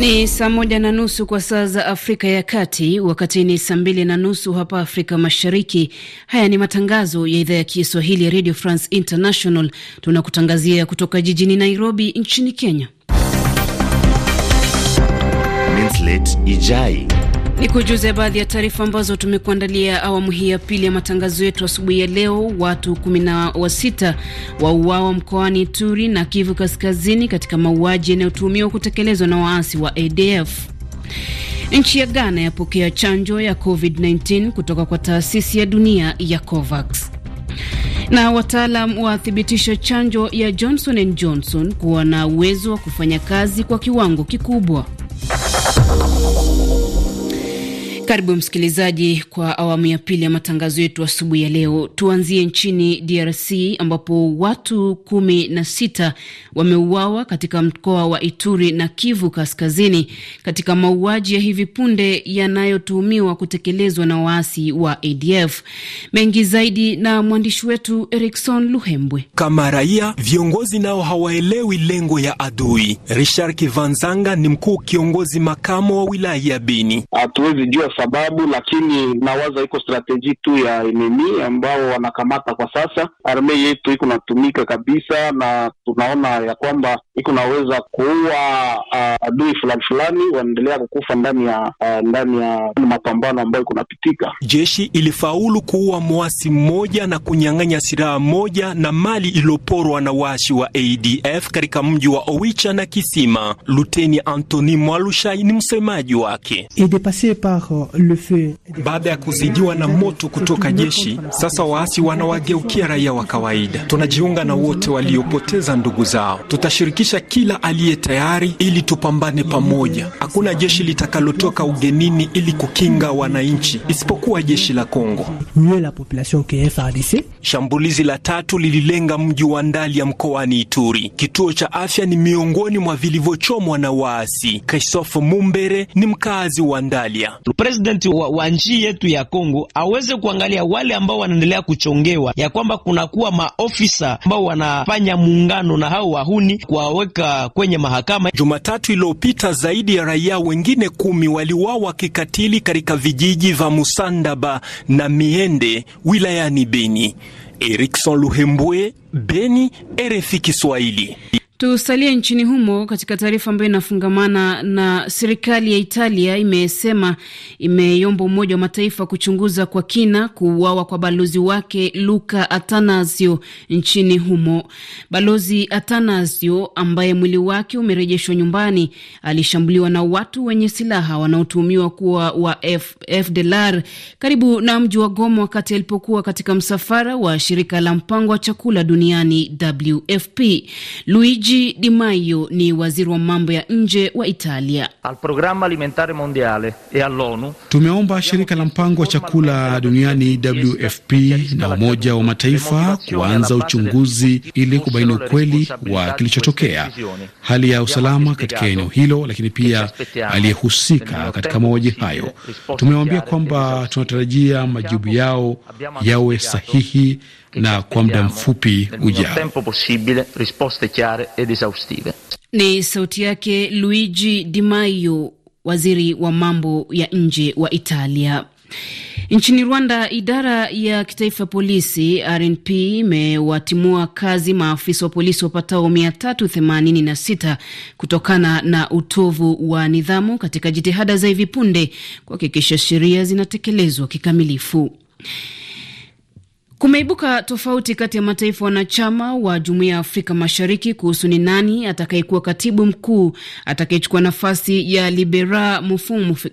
Ni saa moja na nusu kwa saa za Afrika ya Kati, wakati ni saa mbili na nusu hapa Afrika Mashariki. Haya ni matangazo ya idhaa ya Kiswahili ya Radio France International. Tunakutangazia kutoka jijini Nairobi nchini Kenya. Ijai ni kujuza baadhi ya taarifa ambazo tumekuandalia awamu hii ya pili ya matangazo yetu asubuhi ya leo. Watu kumi na wasita wauawa mkoani turi na Kivu Kaskazini katika mauaji yanayotuhumiwa kutekelezwa na waasi wa ADF. Nchi ya Ghana yapokea chanjo ya COVID-19 kutoka kwa taasisi ya dunia ya COVAX na wataalam wathibitisha chanjo ya Johnson and Johnson kuwa na uwezo wa kufanya kazi kwa kiwango kikubwa. Karibu msikilizaji, kwa awamu ya pili ya matangazo yetu asubuhi ya leo. Tuanzie nchini DRC ambapo watu kumi na sita wameuawa katika mkoa wa Ituri na Kivu Kaskazini katika mauaji ya hivi punde yanayotuhumiwa kutekelezwa na waasi wa ADF. Mengi zaidi na mwandishi wetu Erikson Luhembwe. Kama raia, viongozi nao hawaelewi lengo ya adui. Richard Kivanzanga ni mkuu kiongozi makamo wa wilaya ya Beni. Hatuwezi jua sababu, lakini nawaza iko strateji tu ya enemi ambao wanakamata kwa sasa. Arme yetu iko natumika kabisa, na tunaona ya kwamba iko naweza kuua uh, adui fulani fulani wanaendelea kukufa ndani ya uh, ndani ya mapambano ambayo kunapitika. Jeshi ilifaulu kuua mwasi mmoja na kunyang'anya silaha moja na mali iliyoporwa na waasi wa ADF katika mji wa Owicha na Kisima. Luteni Anthony Mwalushai ni msemaji wake. Euh, Baada ya kuzidiwa na moto kutoka jeshi, sasa waasi wanawageukia raia wa kawaida. Tunajiunga na wote waliopoteza ndugu zao, tutashirikisha kila aliye tayari ili tupa tupambane pamoja. Hakuna jeshi litakalotoka ugenini ili kukinga wananchi isipokuwa jeshi la Kongo. Shambulizi la tatu lililenga mji wa Ndalia mkoani Ituri. Kituo cha afya ni miongoni mwa vilivyochomwa na waasi. Christophe Mumbere ni mkazi wa Ndalia. Presidenti wa, wa nchi yetu ya Kongo aweze kuangalia wale ambao wanaendelea kuchongewa, ya kwamba kunakuwa maofisa ambao wanafanya muungano na hao wahuni kuwaweka kwenye mahakama Jumatatu lililopita zaidi ya raia wengine kumi waliuawa kikatili katika vijiji vya Musandaba na Miende wilayani Beni. Erikson Luhembwe, Beni, RFI Kiswahili. Tusalie nchini humo katika taarifa ambayo inafungamana na serikali ya Italia imesema imeyomba Umoja wa Mataifa kuchunguza kwa kina kuuawa kwa balozi wake Luca Atanasio nchini humo. Balozi atanasio ambaye mwili wake umerejeshwa nyumbani alishambuliwa na watu wenye silaha wanaotuhumiwa kuwa wa FDLR karibu na mji wa Goma wakati alipokuwa katika msafara wa shirika la mpango wa chakula duniani WFP Luigi Luigi Di Maio ni waziri wa mambo ya nje wa Italia. E Tumeomba shirika la mpango wa chakula duniani WFP na Umoja wa Mataifa kuanza uchunguzi ili kubaini ukweli wa kilichotokea, hali ya usalama katika eneo hilo, lakini pia aliyehusika katika mauaji hayo. Tumewaambia kwamba tunatarajia majibu yao yawe sahihi na kwa muda mfupi ujao. Ni sauti yake Luigi Di Maio, waziri wa mambo ya nje wa Italia. Nchini Rwanda, idara ya kitaifa ya polisi RNP imewatimua kazi maafisa wa polisi wapatao 386 kutokana na utovu wa nidhamu katika jitihada za hivi punde kuhakikisha sheria zinatekelezwa kikamilifu. Kumeibuka tofauti kati ya mataifa wanachama wa jumuiya ya Afrika Mashariki kuhusu ni nani atakayekuwa katibu mkuu atakayechukua nafasi ya Libera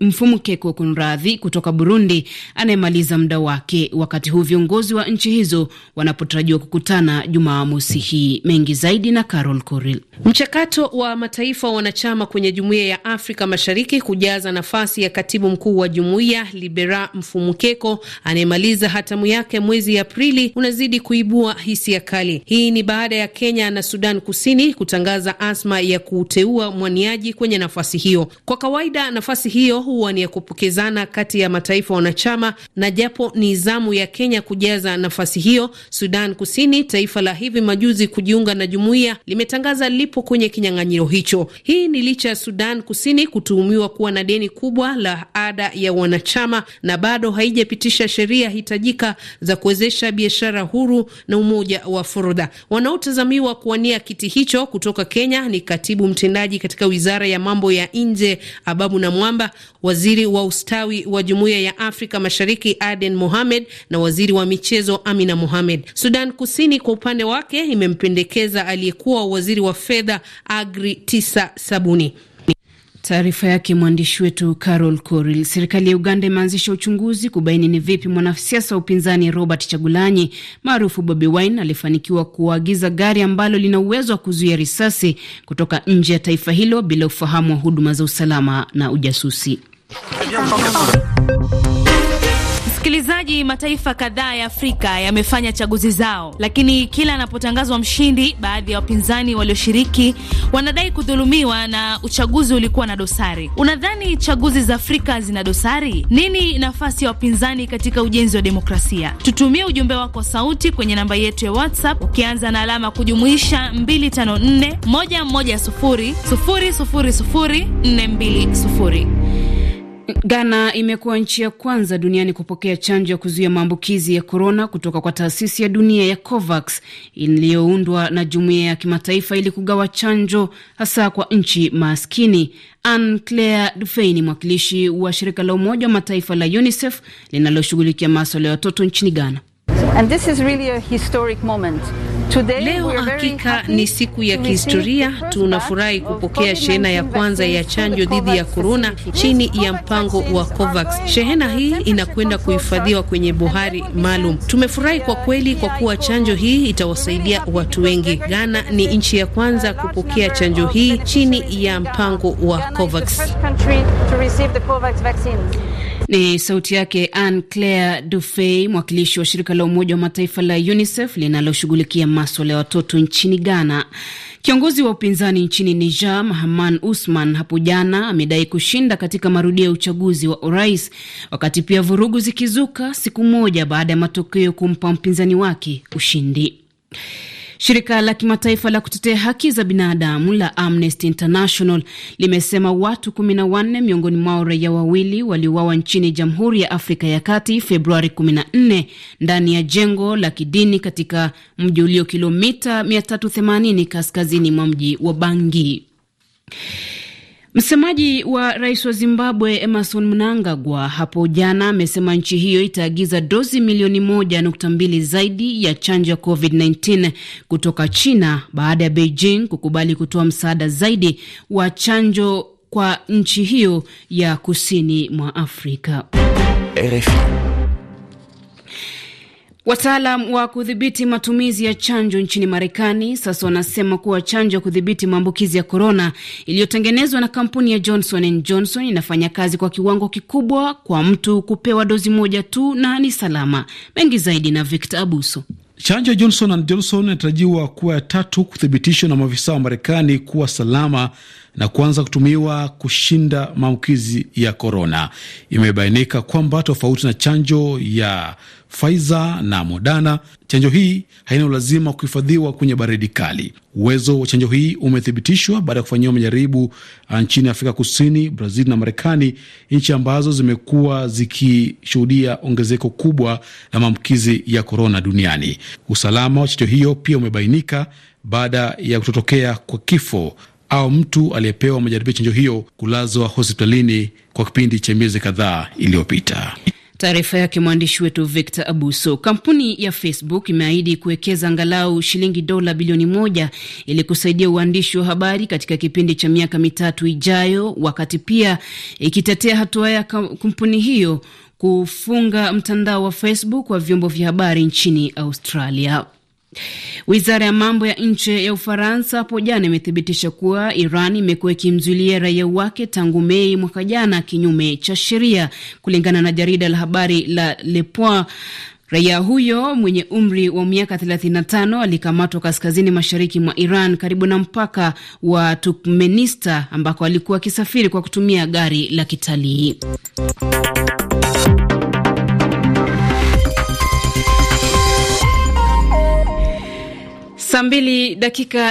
Mfumukeko, kunradhi, kutoka Burundi anayemaliza muda wake, wakati huu viongozi wa nchi hizo wanapotarajiwa kukutana Jumamosi hii. Mengi zaidi na Carol Coril. Mchakato wa mataifa wanachama kwenye jumuiya ya Afrika Mashariki kujaza nafasi ya katibu mkuu wa jumuiya Libera Mfumukeko anayemaliza hatamu yake mwezi ya Aprili unazidi kuibua hisia kali. Hii ni baada ya Kenya na Sudan Kusini kutangaza azma ya kuteua mwaniaji kwenye nafasi hiyo. Kwa kawaida, nafasi hiyo huwa ni ya kupokezana kati ya mataifa wanachama, na japo ni zamu ya Kenya kujaza nafasi hiyo, Sudan Kusini, taifa la hivi majuzi kujiunga na jumuiya, limetangaza lipo kwenye kinyang'anyiro hicho. Hii ni licha ya Sudan Kusini kutuhumiwa kuwa na deni kubwa la ada ya wanachama na bado haijapitisha sheria hitajika za kuwezesha kuimarisha biashara huru na umoja wa forodha. Wanaotazamiwa kuwania kiti hicho kutoka Kenya ni katibu mtendaji katika wizara ya mambo ya nje Ababu Namwamba, waziri wa ustawi wa jumuiya ya Afrika Mashariki Aden Mohamed na waziri wa michezo Amina Mohamed. Sudan Kusini kwa upande wake imempendekeza aliyekuwa waziri wa fedha Agri Tisa Sabuni. Taarifa yake mwandishi wetu Carol Coril. Serikali ya Uganda imeanzisha uchunguzi kubaini ni vipi mwanasiasa wa upinzani Robert Chagulanyi maarufu Bobi Wine alifanikiwa kuagiza gari ambalo lina uwezo wa kuzuia risasi kutoka nje ya taifa hilo bila ufahamu wa huduma za usalama na ujasusi. Msikilizaji, mataifa kadhaa ya Afrika yamefanya chaguzi zao, lakini kila anapotangazwa mshindi, baadhi ya wapinzani walioshiriki wanadai kudhulumiwa na uchaguzi ulikuwa na dosari. Unadhani chaguzi za Afrika zina dosari? Nini nafasi ya wapinzani katika ujenzi wa demokrasia? Tutumie ujumbe wako sauti kwenye namba yetu ya WhatsApp ukianza na alama kujumuisha 254 110 Ghana imekuwa nchi ya kwanza duniani kupokea chanjo ya kuzuia maambukizi ya korona kutoka kwa taasisi ya dunia ya COVAX iliyoundwa na jumuiya ya kimataifa ili kugawa chanjo hasa kwa nchi maskini. Anne Claire Dufey ni mwakilishi wa shirika la Umoja wa Mataifa la UNICEF linaloshughulikia maswala ya watoto nchini Ghana. and this is really a historic moment. Leo hakika ni siku ya kihistoria. Tunafurahi kupokea shehena ya kwanza ya chanjo dhidi ya korona chini ya mpango wa COVAX. Shehena hii inakwenda kuhifadhiwa kwenye bohari maalum. Tumefurahi kwa kweli, kwa kuwa chanjo hii itawasaidia watu wengi. Ghana ni nchi ya kwanza kupokea chanjo hii chini ya mpango wa COVAX. Ni sauti yake Anne Claire Dufey, mwakilishi wa shirika la Umoja wa Mataifa la UNICEF linaloshughulikia maswala ya watoto nchini Ghana. Kiongozi wa upinzani nchini Niger, Mahaman Usman, hapo jana amedai kushinda katika marudio ya uchaguzi wa urais, wakati pia vurugu zikizuka siku moja baada ya matokeo kumpa mpinzani wake ushindi. Shirika la kimataifa la kutetea haki za binadamu la Amnesty International limesema watu 14 miongoni mwao raia wawili waliuawa nchini Jamhuri ya Afrika ya Kati Februari 14 ndani ya jengo la kidini katika mji ulio kilomita 380 kaskazini mwa mji wa Bangi. Msemaji wa rais wa Zimbabwe Emerson Mnangagwa hapo jana amesema nchi hiyo itaagiza dozi milioni moja nukta mbili zaidi ya chanjo ya COVID-19 kutoka China baada ya Beijing kukubali kutoa msaada zaidi wa chanjo kwa nchi hiyo ya kusini mwa Afrika. RFI. Wataalam wa kudhibiti matumizi ya chanjo nchini Marekani sasa wanasema kuwa chanjo ya kudhibiti maambukizi ya korona iliyotengenezwa na kampuni ya Johnson and Johnson inafanya kazi kwa kiwango kikubwa kwa mtu kupewa dozi moja tu na ni salama. Mengi zaidi na Victor Abuso. Chanjo ya Johnson and Johnson inatarajiwa kuwa ya tatu kuthibitishwa na maafisa wa Marekani kuwa salama na kuanza kutumiwa kushinda maambukizi ya korona. Imebainika kwamba tofauti na chanjo ya Pfizer na Moderna, chanjo hii haina ulazima wa kuhifadhiwa kwenye baridi kali. Uwezo wa chanjo hii umethibitishwa baada ya kufanyiwa majaribu uh, nchini Afrika Kusini, Brazil na Marekani, nchi ambazo zimekuwa zikishuhudia ongezeko kubwa la maambukizi ya korona duniani. Usalama wa chanjo hiyo pia umebainika baada ya kutotokea kwa kifo au mtu aliyepewa majaribio chanjo hiyo kulazwa hospitalini kwa kipindi cha miezi kadhaa iliyopita. Taarifa yake mwandishi wetu Victor Abuso. Kampuni ya Facebook imeahidi kuwekeza angalau shilingi dola bilioni moja ili kusaidia uandishi wa habari katika kipindi cha miaka mitatu ijayo, wakati pia ikitetea hatua ya kampuni hiyo kufunga mtandao wa Facebook wa vyombo vya habari nchini Australia. Wizara ya mambo ya nje ya Ufaransa hapo jana imethibitisha kuwa Iran imekuwa ikimzuilia raia wake tangu Mei mwaka jana kinyume cha sheria, kulingana na jarida la habari la Le Point. Raia huyo mwenye umri wa miaka 35 alikamatwa kaskazini mashariki mwa Iran karibu na mpaka wa Turkmenista ambako alikuwa akisafiri kwa kutumia gari la kitalii. Saa mbili dakika